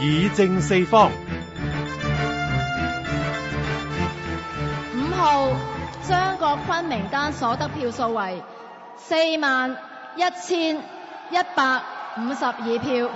議政四方。五號張國鈞名單所得票數為四萬一千一百五十二票。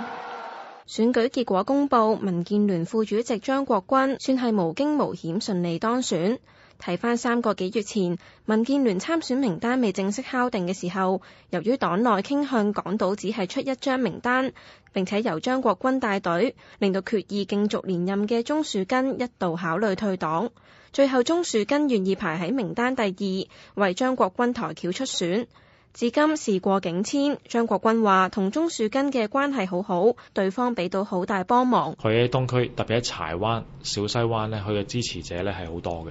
選舉結果公佈，民建聯副主席張國鈞算係無驚無險順利當選。睇翻三個幾月前，民建聯參選名單未正式敲定嘅時候，由於黨內傾向港島只係出一張名單，並且由張國鈞帶隊，令到決意競逐連任嘅鍾樹根一度考慮退黨。最後鍾樹根願意排喺名單第二，為張國鈞抬轎出選。至今事過境遷，張國鈞話：同鍾樹根嘅關係好好，對方俾到好大幫忙。佢喺東區，特別喺柴灣、小西灣咧，佢嘅支持者咧係好多嘅。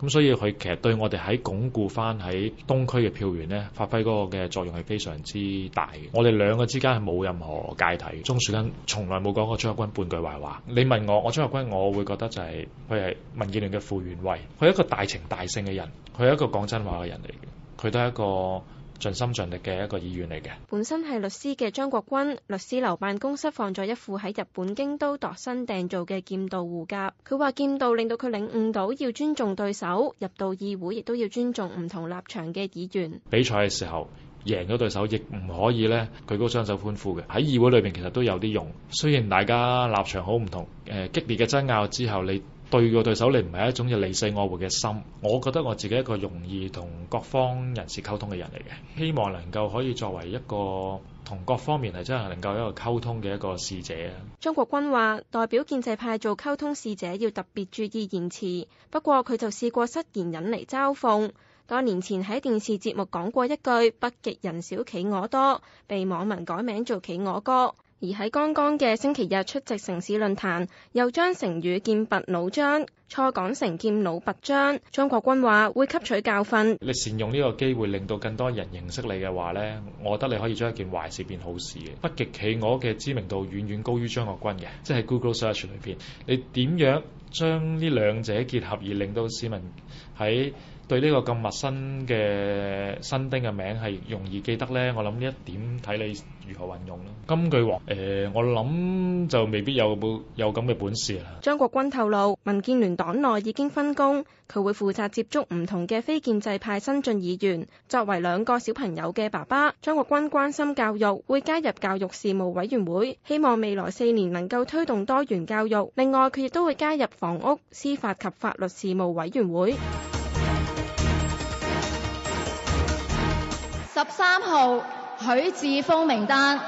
咁所以佢其實對我哋喺鞏固翻喺東區嘅票源咧，發揮嗰個嘅作用係非常之大嘅。我哋兩個之間係冇任何解體。鍾樹根從來冇講過張國鈞半句壞話。你問我，我張國鈞，我會覺得就係佢係民建聯嘅副元衞，佢係一個大情大性嘅人，佢係一個講真話嘅人嚟嘅，佢都係一個。盡心盡力嘅一個議員嚟嘅。本身係律師嘅張國鈞律師樓辦公室放咗一副喺日本京都度身訂造嘅劍道護甲。佢話劍道令到佢領悟到要尊重對手，入到議會亦都要尊重唔同立場嘅議員。比賽嘅時候贏咗對手，亦唔可以咧舉高雙手歡呼嘅。喺議會裏面其實都有啲用，雖然大家立場好唔同，誒、呃、激烈嘅爭拗之後你。對個對手，你唔係一種你死我活嘅心。我覺得我自己一個容易同各方人士溝通嘅人嚟嘅，希望能夠可以作為一個同各方面係真係能夠一個溝通嘅一個使者。張國鈞話，代表建制派做溝通使者要特別注意言辭，不過佢就試過失言引嚟嘲諷。多年前喺電視節目講過一句，北極人少企鵝多，被網民改名做企鵝哥。而喺剛剛嘅星期日出席城市論壇，又將成語劍拔弩張，錯講成劍老拔張。張國鈞話：會吸取教訓。你善用呢個機會，令到更多人認識你嘅話呢，我覺得你可以將一件壞事變好事嘅。北極企鵝嘅知名度遠遠高於張國鈞嘅，即係 Google search 裏邊。你點樣將呢兩者結合，而令到市民喺對呢個咁陌生嘅新丁嘅名係容易記得咧。我諗呢一點睇你如何運用啦。金句王誒，我諗就未必有冇有咁嘅本事啦。張國鈞透露，民建聯黨內已經分工，佢會負責接觸唔同嘅非建制派新進議員。作為兩個小朋友嘅爸爸，張國鈞關心教育，會加入教育事務委員會，希望未來四年能夠推動多元教育。另外，佢亦都會加入房屋、司法及法律事務委員會。三號許志峰名單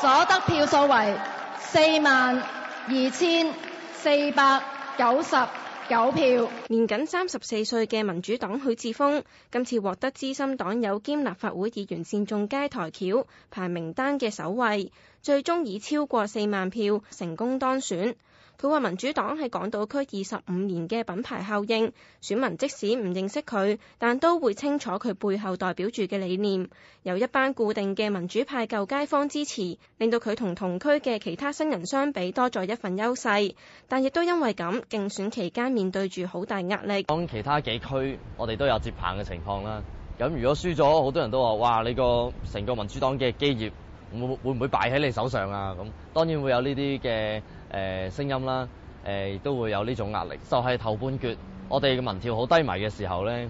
所得票數為四萬二千四百九十九票。年僅三十四歲嘅民主黨許志峰，今次獲得資深黨友兼立法會議員善眾街台橋，排名單嘅首位。最終以超過四萬票成功當選。佢話民主黨喺港島區二十五年嘅品牌效應，選民即使唔認識佢，但都會清楚佢背後代表住嘅理念。由一班固定嘅民主派舊街坊支持，令到佢同同區嘅其他新人相比多咗一份優勢。但亦都因為咁，競選期間面對住好大壓力。講其他幾區，我哋都有接棒嘅情況啦。咁如果輸咗，好多人都話：「哇，你個成個民主黨嘅基業。會會唔會擺喺你手上啊？咁當然會有呢啲嘅誒聲音啦，誒、呃、都會有呢種壓力。就係頭半厥，我哋嘅民調好低迷嘅時候咧，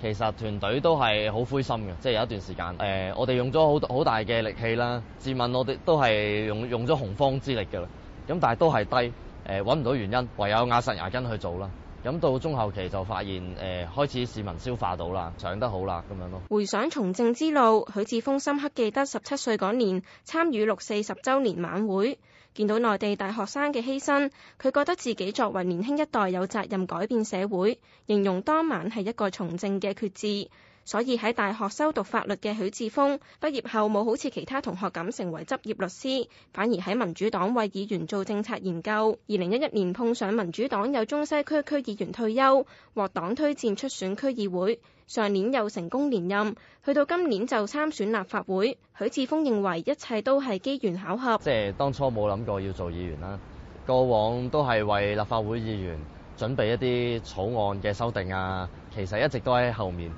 其實團隊都係好灰心嘅，即係有一段時間。誒、呃，我哋用咗好好大嘅力氣啦，自問我哋都係用用咗洪荒之力嘅啦。咁但係都係低，誒揾唔到原因，唯有咬實牙根去做啦。飲到中後期就發現，誒、呃、開始市民消化到啦，上得好啦咁樣咯。回想從政之路，許智峯深刻記得十七歲嗰年參與六四十週年晚會，見到內地大學生嘅犧牲，佢覺得自己作為年輕一代有責任改變社會，形容當晚係一個從政嘅決志。所以喺大學修讀法律嘅許智峯畢業後冇好似其他同學咁成為執業律師，反而喺民主黨為議員做政策研究。二零一一年碰上民主黨有中西區區議員退休，獲黨推薦出選區議會，上年又成功連任，去到今年就參選立法會。許智峯認為一切都係機緣巧合，即係當初冇諗過要做議員啦。過往都係為立法會議員準備一啲草案嘅修訂啊，其實一直都喺後面。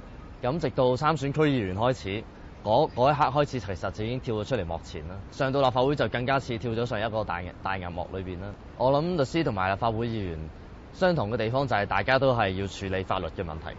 咁直到參選區議員開始，嗰一刻開始，其實就已經跳咗出嚟幕前啦。上到立法會就更加似跳咗上一個大大銀幕裏邊啦。我諗律師同埋立法會議員相同嘅地方就係大家都係要處理法律嘅問題，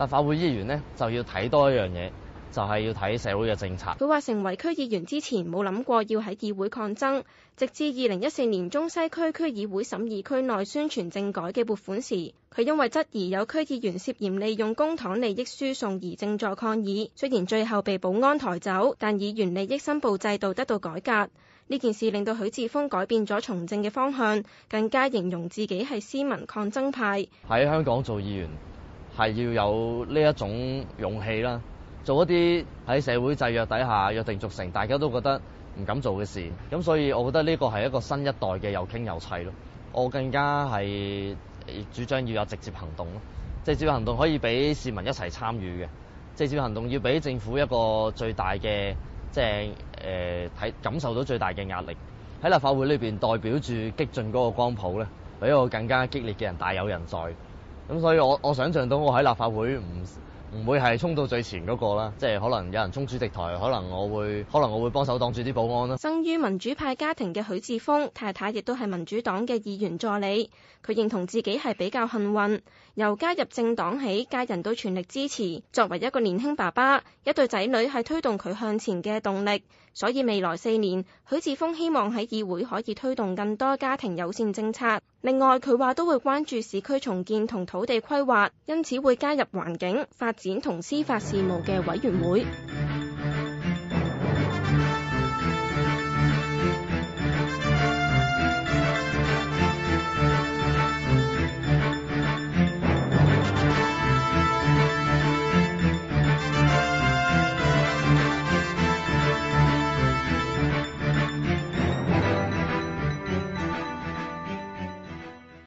立法會議員咧就要睇多一樣嘢，就係要睇社會嘅政策。佢話成為區議員之前冇諗過要喺議會抗爭，直至二零一四年中西區區議會審議區內宣傳政改嘅撥款時，佢因為質疑有區議員涉嫌利用公帑利益輸送而正在抗議。雖然最後被保安抬走，但議員利益申報制度得到改革。呢件事令到許智峯改變咗從政嘅方向，更加形容自己係斯文抗爭派。喺香港做議員係要有呢一種勇氣啦。做一啲喺社會制約底下約定俗成，大家都覺得唔敢做嘅事，咁所以我覺得呢個係一個新一代嘅有傾有砌咯。我更加係主張要有直接行動咯，即係直接行動可以俾市民一齊參與嘅，即係直接行動要俾政府一個最大嘅，即係誒睇感受到最大嘅壓力。喺立法會裏邊代表住激進嗰個光譜咧，比我更加激烈嘅人大有人在。咁所以我我想像到我喺立法會唔。唔會係衝到最前嗰個啦，即係可能有人衝主席台，可能我會可能我會幫手擋住啲保安啦。生於民主派家庭嘅許智峯，太太亦都係民主黨嘅議員助理，佢認同自己係比較幸運。由加入政黨起，家人都全力支持。作為一個年輕爸爸，一對仔女係推動佢向前嘅動力。所以未來四年，許智峯希望喺議會可以推動更多家庭友善政策。另外，佢話都會關注市區重建同土地規劃，因此會加入環境發展同司法事務嘅委員會。